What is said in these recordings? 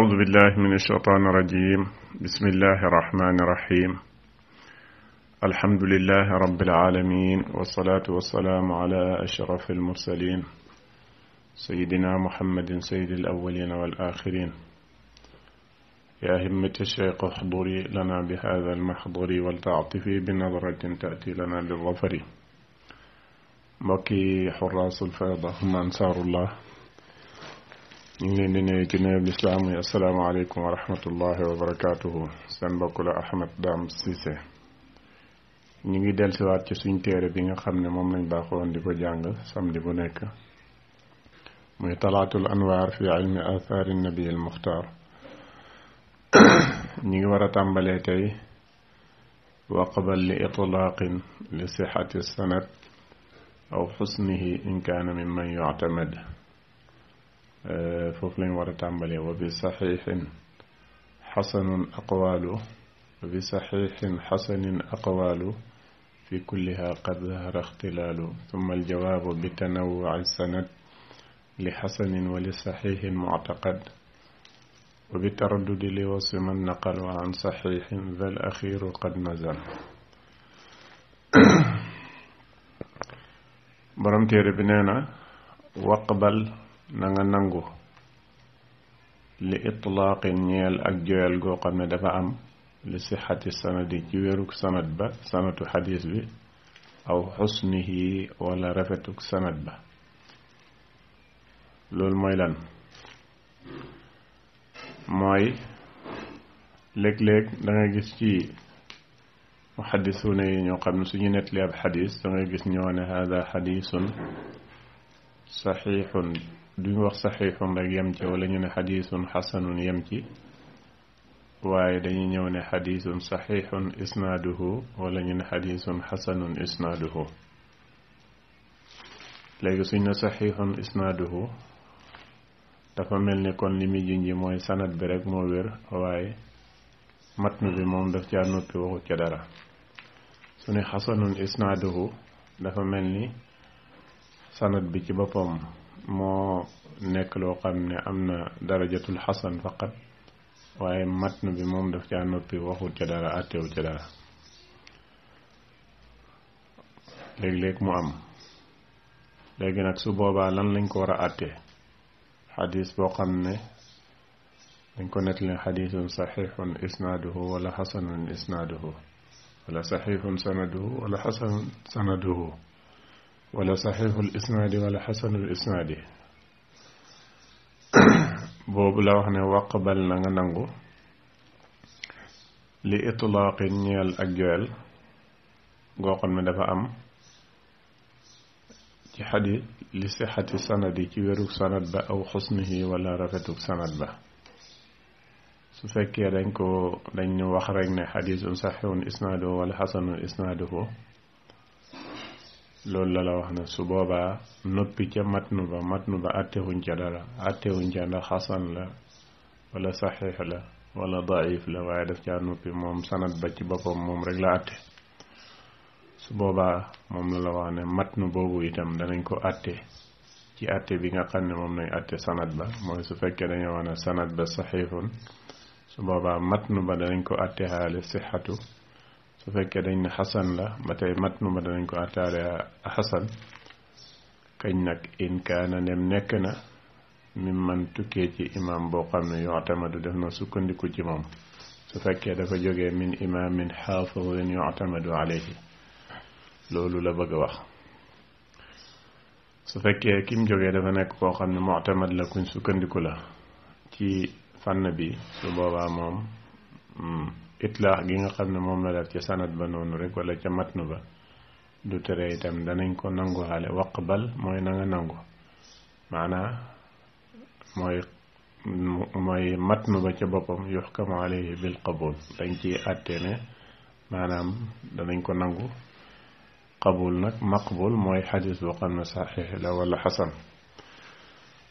أعوذ بالله من الشيطان الرجيم بسم الله الرحمن الرحيم الحمد لله رب العالمين والصلاة والسلام على أشرف المرسلين سيدنا محمد سيد الأولين والآخرين يا همة الشيخ احضري لنا بهذا المحضر ولتعطفي بنظرة تأتي لنا للظفر بكي حراس الفيضة هم أنصار الله السلام السلام عليكم ورحمة الله وبركاته سنبقى أحمد دام سيسة نيجي دل سوات جسون تيري بينا خمنا ممن باخوان دي بجانغ سم دي بنيك ميطلعت الأنوار في علم آثار النبي المختار نيجي ورا تنبليتي وقبل لإطلاق لصحة السند أو حسنه إن كان ممن يعتمد فوفلين ورتامبلي وبصحيح حسن أقواله وبصحيح حسن أقواله في كلها قد ظهر اختلال ثم الجواب بتنوع السند لحسن ولصحيح معتقد وبتردد لوصف من نقل عن صحيح ذا الأخير قد نزل برمتير بنينا وقبل نغنغو لإطلاق النيل أجيال جو قمنا دفع أم لصحة السند جيروك سند با سند حديث بي أو حسنه ولا رفتك سند با لول ميلان ماي لك لك دنجيسي محدثون ينو قمنا سجنت لي أب حديث دنجيس نيوان هذا حديث صحيح duñ wax saxiixun rek yem ci wala ñu ne xadiisun xasanun yem ci waaye dañuy ñëw ne xadiisun saxiixun isnaduhu wala ñu ne xadiisun xasanun isnaduhu léegi suñ ne saxiixun isnaduhu dafa mel ni kon li muy jinji mooy sanat bi rek moo wér waaye matnu bi moom daf caa noppi waxu ca dara su ne xasanun isnaaduhu dafa mel ni sanat bi ci boppam mo nek lo xamne amna darajatul hasan faqat waye matn bi mom daf ci anopi waxu ci dara atew ci dara leg leg mu am léegi nak su boba lan lañ ko war a àtte xadis boo xam ne dañ ko nettali xadisun saxiixun isnaaduhu wala xasanun isnaaduhu wala sahih sanaduhu wala hasan sanaduhu ولا صحيح الإسناد ولا حسن الإسناد بوب لا وخنا وقبل نغا نانغو لإطلاق نيال أجوال غوخن من دفا أم في حديث لصحة السند كي ويروك سند با أو حسنه ولا رفتك سند با su fekkee dañ ko dañ ñu wax rek ne hadith un sahihun isnaduhu loolu lala wax ne su boobaa noppi ca nu ba mat nu ba àttewuñ ca dara àttewuñ ca ndax xasan la wala saxiix la wala daif la waaye def caa noppi moom sanat ba ci boppam moom rek la àtte su boobaa moom la la wax ne mat nu boobu itam danañ ko àtte ci àtte bi nga xam ne moom nañ àtte sanat ba mooy su fekkee dañoo wax ne sanat ba saxiixun su boobaa nu ba danañ ko àtte xaale sixatu su fekkee dañ ne xasan la ba tey mat nu ma danañ ko attaale xasan kañ nag in kaana nem nekk na mi man tukkee ci imam boo xam ne yutamadu def na sukkandiku ci moom su fekkee dafa jógee min imaamin xaafidin yutamadu alayhi loolu la bëgg a wax su fekkee kim jógee dafa nekk koo xam ne mutamad la kuñ sukkandiku la ci fànn bi su boobaa moom hmm, itlaax gi nga xam ne moom la def ca sanad ba noonu rek wala ca matnu ba du tere itam danañ ko nanguwaale waqbal mooy na nga nangu maanaa mooy mooy matnu ba ca boppam yuxkamu alayhi bil qabul dañ ci àtte ne maanaam danañ ko nangu qabul nag maqbul mooy xadis boo xam ne saxiix la wala xasan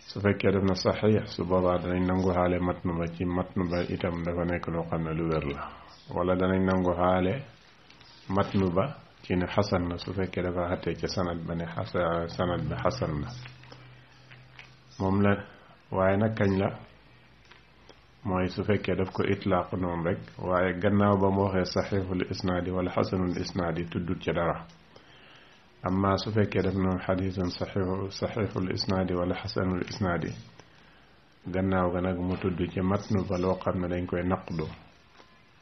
su fekkee def na saxiix su boobaa danañ nanguwaale matnu ba ci matnu ba itam dafa nekk loo xam ne lu wér la wala danañ nangu xaale matnu ba ci ne xasan na su fekkee dafa xatee ca sanad ba ne sanad bi xasan na moom la waaye nag kañ la mooy su fekkee daf ko itlaaq noonu rek waaye gannaaw ba mu waxee saxiixul isnaadi wala xasanul isnaadi tuddut ca dara amma su fekkee daf noonu xadiisun saxiixu saxiixul isnaadi wala xasanul isnaadi gannaaw ga nag mu tudd ci matnu ba loo xam dañ koy naqdu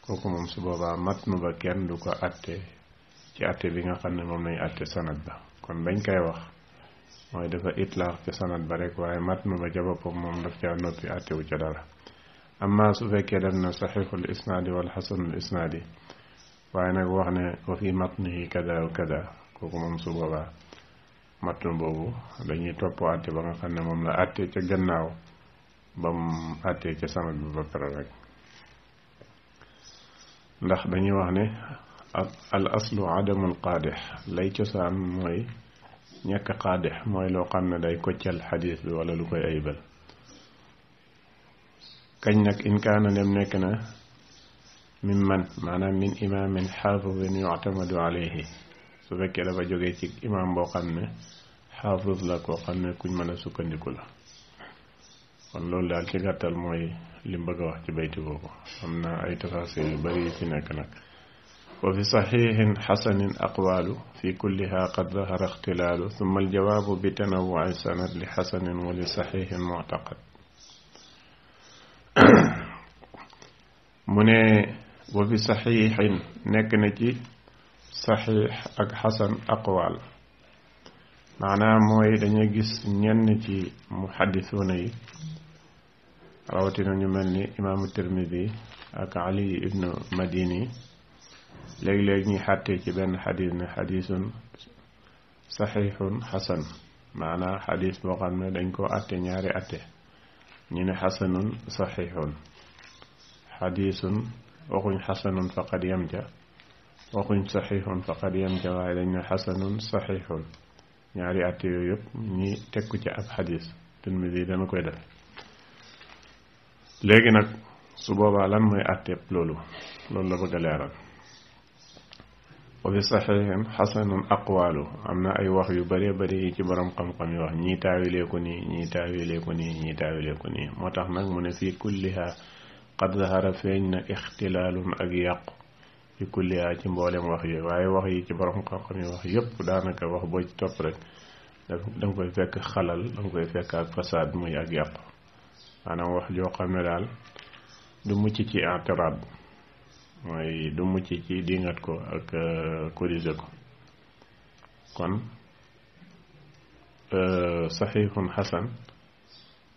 koku mom su boba matnu ba kenn du ko atte ci atte bi nga xamné mom lay atte sanad ba kon bañ koy wax moy dafa itlaq ci sanad ba rek waye matnu ba jaba pom mom daf ci noppi atté wu ci dara amma su fekke dem na sahih al saxiixul isnaadi hasan al isnad waye nak wax ne wa fi matnihi kada wa kada koku mom su boba matnu bobu dañuy topp atte ba nga xamné mom la atte ci gannaaw bam atte ci sanad ba ba pare rek ndax dañuy wax ne al aslu adamul qadih lay cosaan mooy ñàkk qaadix mooy loo xam ne day koccal xadis bi wala lu koy aybal kañ nag in kaana nem nekk na min man maanaam min imaamin xaafidin yutamadu alayhi su fekkee dafa jógee ci imaam boo xam ne xaafid la koo xam ne kuñ mën a sukkandiku la kon loolu daal ci gàttal mooy li bëgg a wax ci bayti boobu am na ay tafaasir yu bari yi ci nekk nag wa fi saxiixin xasanin aqwaalu fi kulliha qad dahara ixtilaalu summa aljawaabu bi tanawwuci sanad li xasanin wa li saxiixin muctaqad mu ne wa fi saxiixin nekk na ci saxiix ak xasan aqwaal maanaam mooy dañuy gis ñenn ci muxaddisuuna yi rawatina ñu melni imam imaamu tirmidi ak ali ibn madini leg leg ñi xatte ci ben hadith ne hadithun sahihun hasan maana hadith bo xamne dañ ko atte ñaari atte ñi ne sahihun saxiixun wa waxuñ hasanun faqad yamja ca waxuñ sahihun faqad yamja ca dañ ne xasanun ñaari atte yoyep ñi tekku ci ab hadith tirmidhi dama koy def légui nak su boba lan moy atté lolu lolu la bëgg léral leeral wa fi saxiixin xasanun aqwaalu ay wax yu bari bari ci borom xam-xam yi wax ñi tawilé ko ni ñi tawilé ko ni ñi tawilé ko ni motax nak mu ne fi kulliha qad zahara feeñ ikhtilalun ak yaq fi kulliha ci mboolem wax yi waye wax yi ci borom xam-xam yi wax yépp da naka wax bo ci top rek danga koy fekk xalal danga koy fekk ak fasad muy ak yaq أنا wax jo xamé dal du mucc ci atrab moy du mucc ci dingat ko ak euh, corriger ko kon صحيح حسن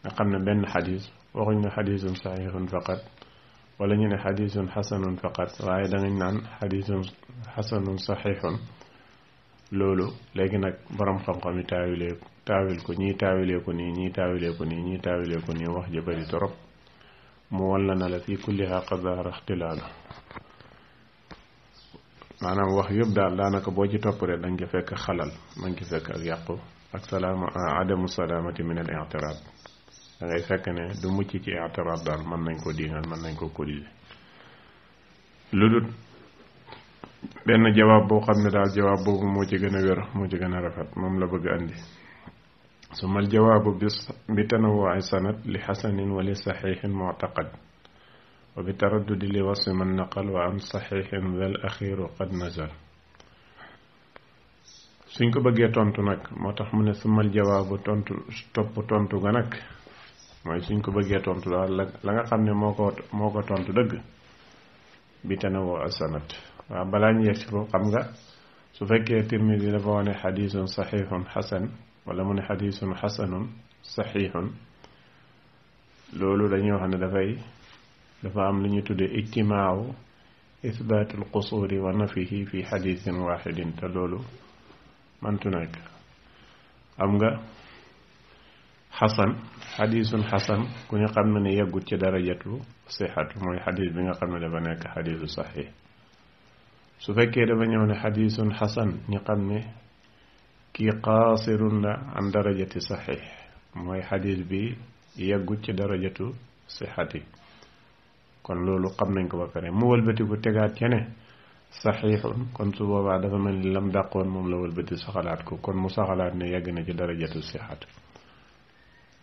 أقمنا بين حديث وغنى حديث صحيح فقط ولن حديث حسن فقط وأيضا نعم حديث حسن صحيح لولو لكن برم خمخم تاوي taawil ko ñii taawilee ko nii ñii taawilee ko nii ñii taawilee ko nii wax ja bari torop mu walla na la fii kulliha qad zahara maanaam wax yëpp daal daanaka boo ci topp rek danga fekk xalal danga ci fekk ak yàqu ak salaama ah, adamu salaamati min al i'tiraad da fekk ne du mucc ci i'tiraad daal mën nañ ko diingal mën nañ koo corriger lu dul benn jawaab boo xam ne daal jawaab boobu moo ci gën a wér moo ci gën a rafet moom la bëgg andi suma aljawaabu bi tanawwuci sanad li xasanin wa li saxiixin muctaqad wa bi taraddudi li wasfi man naqal wa an saxiixin wel axiiru qad nazal suñ ko bëggee tontu nag moo tax mu ne suma aljawaabu tontu topp tontu ga nag mooy suñ ko bëggee tontu daal la nga xam ne moo ko tontu dëgg bi tanawwuci sanad waaw balaa ñu yegg si foofu xam nga su fekkee tirmidi dafa wane xadiisun saxiixun xasan wala mu ne xadiisun xasanun saxiixun loolu dañuy wax ne dafay dafa am lu ñu tuddee ijtimaawu isbaatul qusuuri wa nafihi fi xadiisin waaxidin te loolu mantu nekk am nga xasan xadiisun xasan ku ñu xam ne ne yeggut ci darajatu sixatu mooy xadiis bi nga xam ne dafa nekk xadiisu saxiix su fekkee dafa ñëw ne xadiisun xasan ñi xam ne كي قاصر عن درجة صحيح موي حديث بي يغوت درجة صحتي كون لولو قبل نكو بفري مول بتي كو تيغات صحيح كون سو بابا دا فمن لم داقون موم لول بتي سخالات كو كون مسخالات ني يغنا جي درجة صحت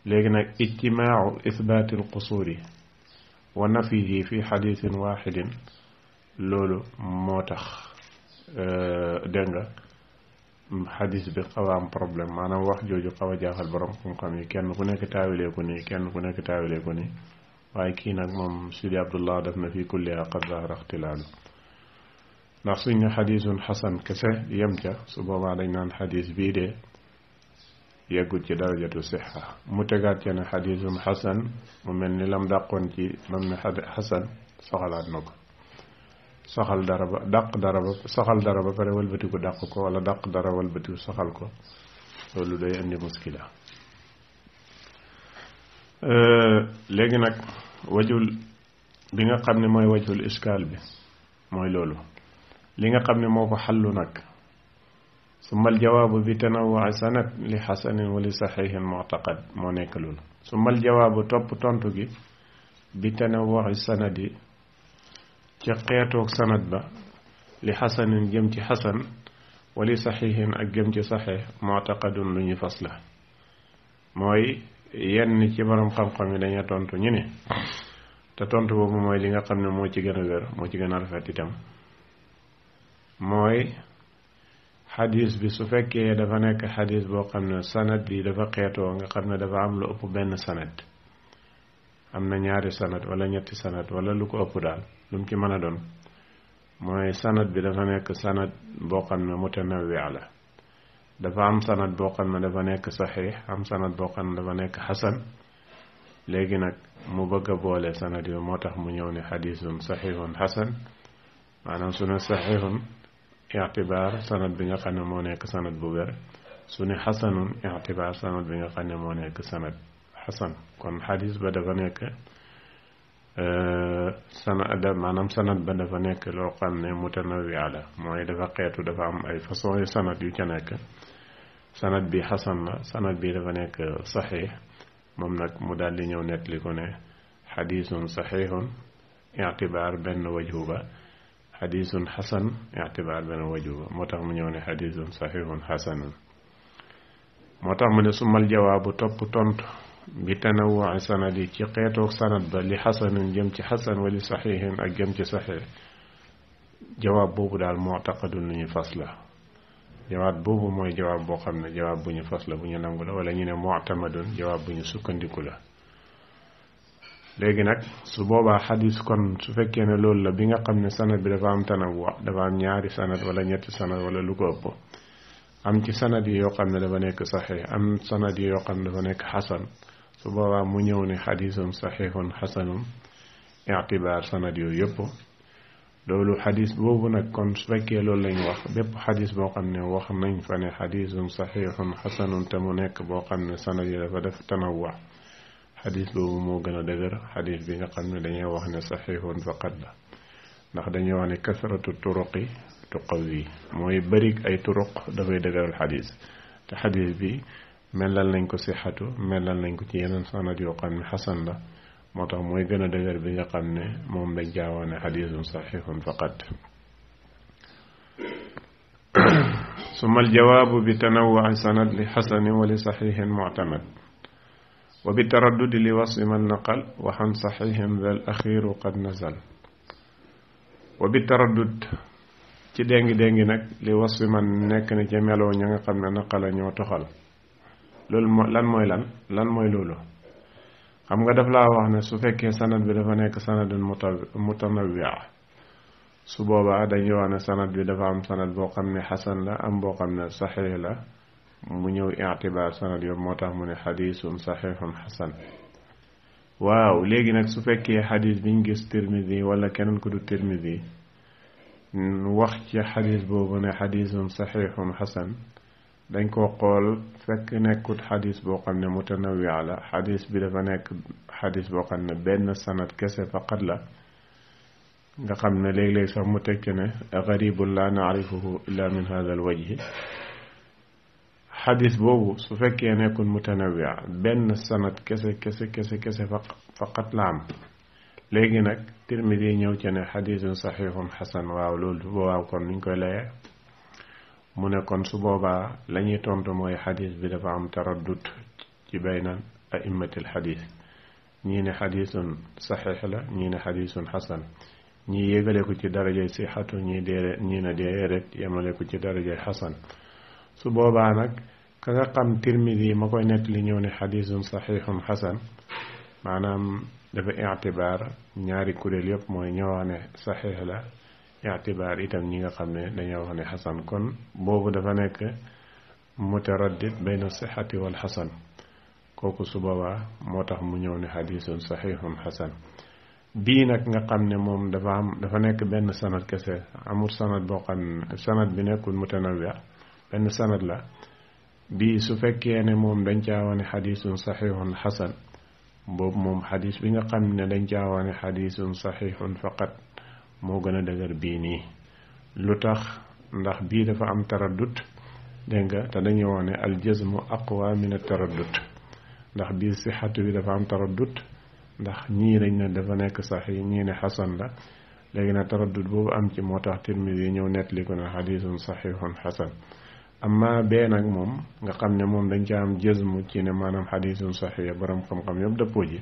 لكن اجتماع اثبات القصور ونفيه في حديث واحد لولو موتخ أه دنگا hadith bi xaw a am problème maanaam wax joju xaw a jaaxal borom kum xam yi kenn ku nekk taawilee ko ni kenn ku nekk taawilee ko ni waaye kii nag moom sidi abdullah def na fi kulli qad zahara ixtilaalu ndax suñ ne xadisun xasan kese yem ca su boobaa dañ naan xadis bii de yeggut ci darajatu sixa mu tegaat ca ne xadisun xasan mu mel ni lam dàqoon ci lam ne xasan soxalaat na ko saxal dara ba dàq dara ba saxal dara ba pare wëlbati ko dàq ko wala dàq dara wëlbati ko saxal ko loolu day indi muskila léegi nag wajul bi nga xam ne mooy wajul iskaal bi mooy loolu li nga xam ne moo ko xallu nag summa aljawaabu bi tanawaa sanad li xasanin wa li saxihin muctaqad moo nekk loolu summa aljawaabu topp tontu gi bi tanawaa sanadi ca xeetoog sanad ba li xasanin jëm ci xasan wali saxiixin ak jëm ci moo saxiix mu'taqadun lu ñuy fas la mooy yenn ci borom xam-xam yi dañu tontu ñu ne te tontu boobu mooy li nga xam ne moo ci gën a wér moo ci gën a rafet itam mooy xadis bi su fekkee dafa nekk xadis boo xam ne sanad bi dafa xeetoo nga xam ne dafa am lu ëpp benn sanad am na ñaari sanad wala ñetti sanad wala lu ko ëpp daal lu mu ci mën a doon mooy sanad bi dafa nekk sanad boo xam ne mutanawwi la dafa am sanad boo xam ne dafa nekk saxiix am sanad boo xam ne dafa nekk xasan léegi nag mu bëgg a boole sanad yooyu moo tax mu ñëw ne xadiisun saxiixun xasan maanaam su ne saxiixun ictibaar sanad bi nga xam ne moo nekk sanad bu wér su ne xasanun ictibaar sanad bi nga xam ne moo nekk sanad حسن كون حديث بدا فنيك آه، سنة أدا ما نم سنة بدا فنيك لو قام متنوي على موي دفا قيتو دفا ام اي فصو اي سنة يو كنك سنة بي حسن سنة بي دفا نيك صحيح ممنك مدالي نيو نت لكونا حديث صحيح اعتبار بن وجهوبا حديث حسن اعتبار بن وجهوبا متغ من يوني حديث صحيح حسن متغ من سمال جواب تبطنتو bi tanawwuci yi ci xeetoog sanad ba li xasanin jëm ci xasan wali saxiixin ak jëm ci saxiix jawaab boobu daal mu'taqadun lu ñu fas la jawaab boobu mooy jawaab boo xam ne jawaab bu ñu fas la ñu nangu la wala ñu ne mu'tamadun jawaab bu ñu sukkandiku la léegi nag su boobaa xadis kon su fekkee ne loolu la bi nga xam ne sanad bi dafa am tanawwu dafa am ñaari sanad wala ñetti sanad wala lu ko ëpp am ci sanad yi yoo xam ne dafa nekk saxiix am sanad yi yoo xam ne dafa nekk xasan su boobaa mu ñëw ni xadisun saxiixun xasanun ictibaar sanad yooyu yëpp loolu xadis boobu nag kon su fekkee loolu lañ wax bépp xadis boo xam ne wax nañ fa ne xadisun saxiixun xasanun te mu nekk boo xam ne sanad yi dafa def tanawwa xadis boobu moo gën a dëgër xadis bi nga xam ne dañuy wax ne saxiixun faqat la ndax dañuy wax ne kasratu turuqi tuqawi mooy bërig ay turuq dafay dëgëral xadis te xadis bi melal nañ ko sixatu melal nañ ko ci yeneen sanad yoo xam ne xasan la moo tax mooy gën a dëgër bi nga xam ne moom lañ jaawaane xadisun saxixun faqat ثم الجواب بتنوع سند لحسن ولصحيح معتمد وبالتردد لوصف من نقل وحن صحيح ذا الأخير قد نزل وبالتردد ci dengi dengi nak li wasfi man nekk na ca meloo ña nga xam ne naqa la ñoo toxal loolu lan moy lan lan moy lolu xam nga daf la wax ne su fekkee sanad bi dafa nekk sanadun mutanawia su boobaa dañuy wax ne sanad bi dafa am sanad boo xam ne xasan la am boo xam ne saxiix la mu ñëw itibar sanad yooyu moo tax mu ne xadiisun saxiixun xasan waaw léegi nag su fekkee xadis biñ gis tirmidi wala keneen ku du tirmidi wax ci xadis boobu ne xadiisun saxiixun xasan dañ ko xol fekk nekut hadith bo xamne mutanawwi ala hadith bi dafa nek hadith bo xamne ben sanad kesse kese faqat la nga xamne leg leg sax mu tekke ne gharib la na'rifuhu illa min hada al wajhi xadis boobu su fekkee nekkul mutanawiya benn sanat kesse kesse kese kese faqat la am legi nak tirmidi ñëw ci ne hadithun sahihun hasan waaw loolu waaw kon nuñ koy laye mu ne kon su boobaa la ñuy tontu mooy xadis bi dafa am taraddut ci bayna aimmatil xadis ñii ne xadisun saxiix la ñii ne xadisun xasan ñii yégale ko ci darajay sixatu ñii déere ñii ne déeret yemale ko ci darajay xasan su boobaa nag ka nga xam tirmidi ma koy nett li ñëw ne xadisun saxiixun xasan maanaam dafa itibaar ñaari kuréel yépp mooy ñëwaane saxiix la itibaar itam ñi nga xam ne dañoo wax ne xasan kon boobu dafa nekk mutaraddid bayna sixati wal xasan kooku su boobaa moo tax mu ñëw ne xadisun saxiixun xasan bii nak nga xam mom moom dafa am dafa nekk benn sanad kese amur sanad boo xam ne sanad bi nekkul mutanawia benn sanad la bii su fekkee ne moom dañ caa wane xadisun saxiixun xasan boobu moom xadis bi nga xam dañ caa wane xadisun saxiixun faqat moo gën a dëgër bii nii lu tax ndax bii dafa am taraddut dégg nga te dañuy wax ne al jazmu aqwa min a taraddut ndax bii sixatu bi dafa am taraddut ndax ñii dañ ne dafa nekk sax yi ne xasan la léegi nag taraddut boobu am ci moo tax tirmidi yi ñëw nettali ko ne xadiisun saxiixun xasan amma bee nag moom nga xam ne moom dañ ca am jëzmu ci ne maanaam xadiisun saxiix borom xam-xam yëpp dëppoo ji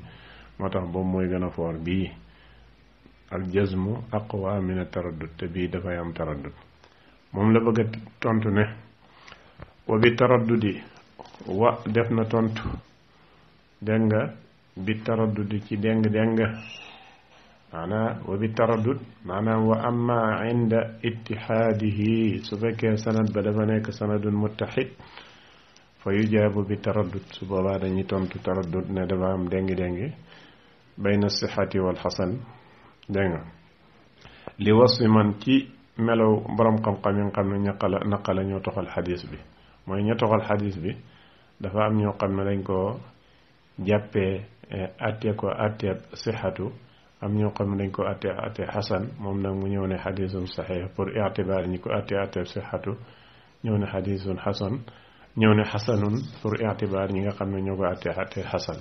moo tax boobu mooy gën a foor bii aljazmu aqwa min a taraddud te bii dafay am taraddud moom la bëgg a tontu ne wa bi taraddudi wa def na tontu dégg nga bi taraddudi ci déng déng maanaam wa bi taraddud maanaam wa amma inda ittihaadihi su fekkee sanad ba dafa nekk sanadun muttaxid fa yujaabu bi taraddud su boobaa dañuy tontu taraddud ne dafa am déng déng bayna sixati wal xasan dégg nga li wasfi man ci melo boroom xam-xam yi nga xam ne ñaqala naqala ñoo toxal xadis bi mooy ña toxal xadis bi dafa am ñoo xam ne dañ ko jàppee eh, àttee ko àttee sixatu am ñoo xam ne dañ ko àttee àttee xasan moom nag mu ñëw ne xadisun saxiix pour itibaar ñi ko àttee àttee ñëw ne xadisun xasan ñëw ne xasanun pour itibaar ñi nga xam ne ñoo ko àttee àttee xasan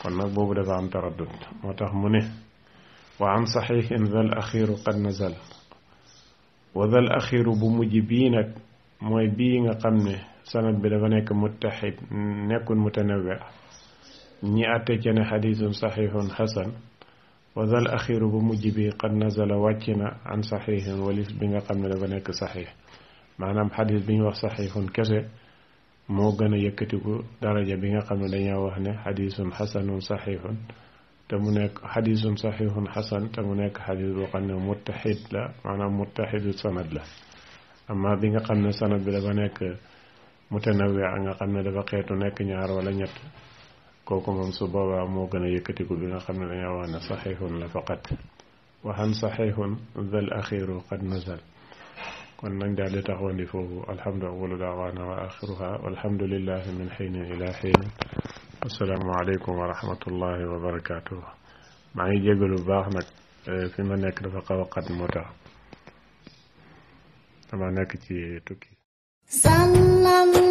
kon nag boobu dafa am taraddut moo tax mu ne وعن صحيح ذا الأخير قد نزل وذا الأخير بمجبين مويبين قمن سنة بدفنك متحد نكون متنوع ني أتكن حديث صحيح حسن وذا الأخير بمجبي قد نزل واتنا عن صحيح وليس بين قمن لبنك صحيح معنى حديث بين صحيح كذا mo gëna yëkëti ko daraja bi nga xam ne dañoo wax تمنك حديث صحيح حسن تمنك حديث وقنا متحد لا معنى متحد سند لا أما بين قنا سند بلا بنك متنوع عن قنا لبقية تنك نعر ولا نت كوكم مصوبة مو قنا يكتب بين قنا نعوان صحيح لا فقط وهن صحيح ذا الأخير قد نزل كنا نجد لتغوني فوق الحمد أول دعوانا وآخرها والحمد لله من حين إلى حين السلام عليكم ورحمة الله وبركاته معي جيجل وباخ نك في من نك نفقه وقد موتا تمام نك تي توكي سلام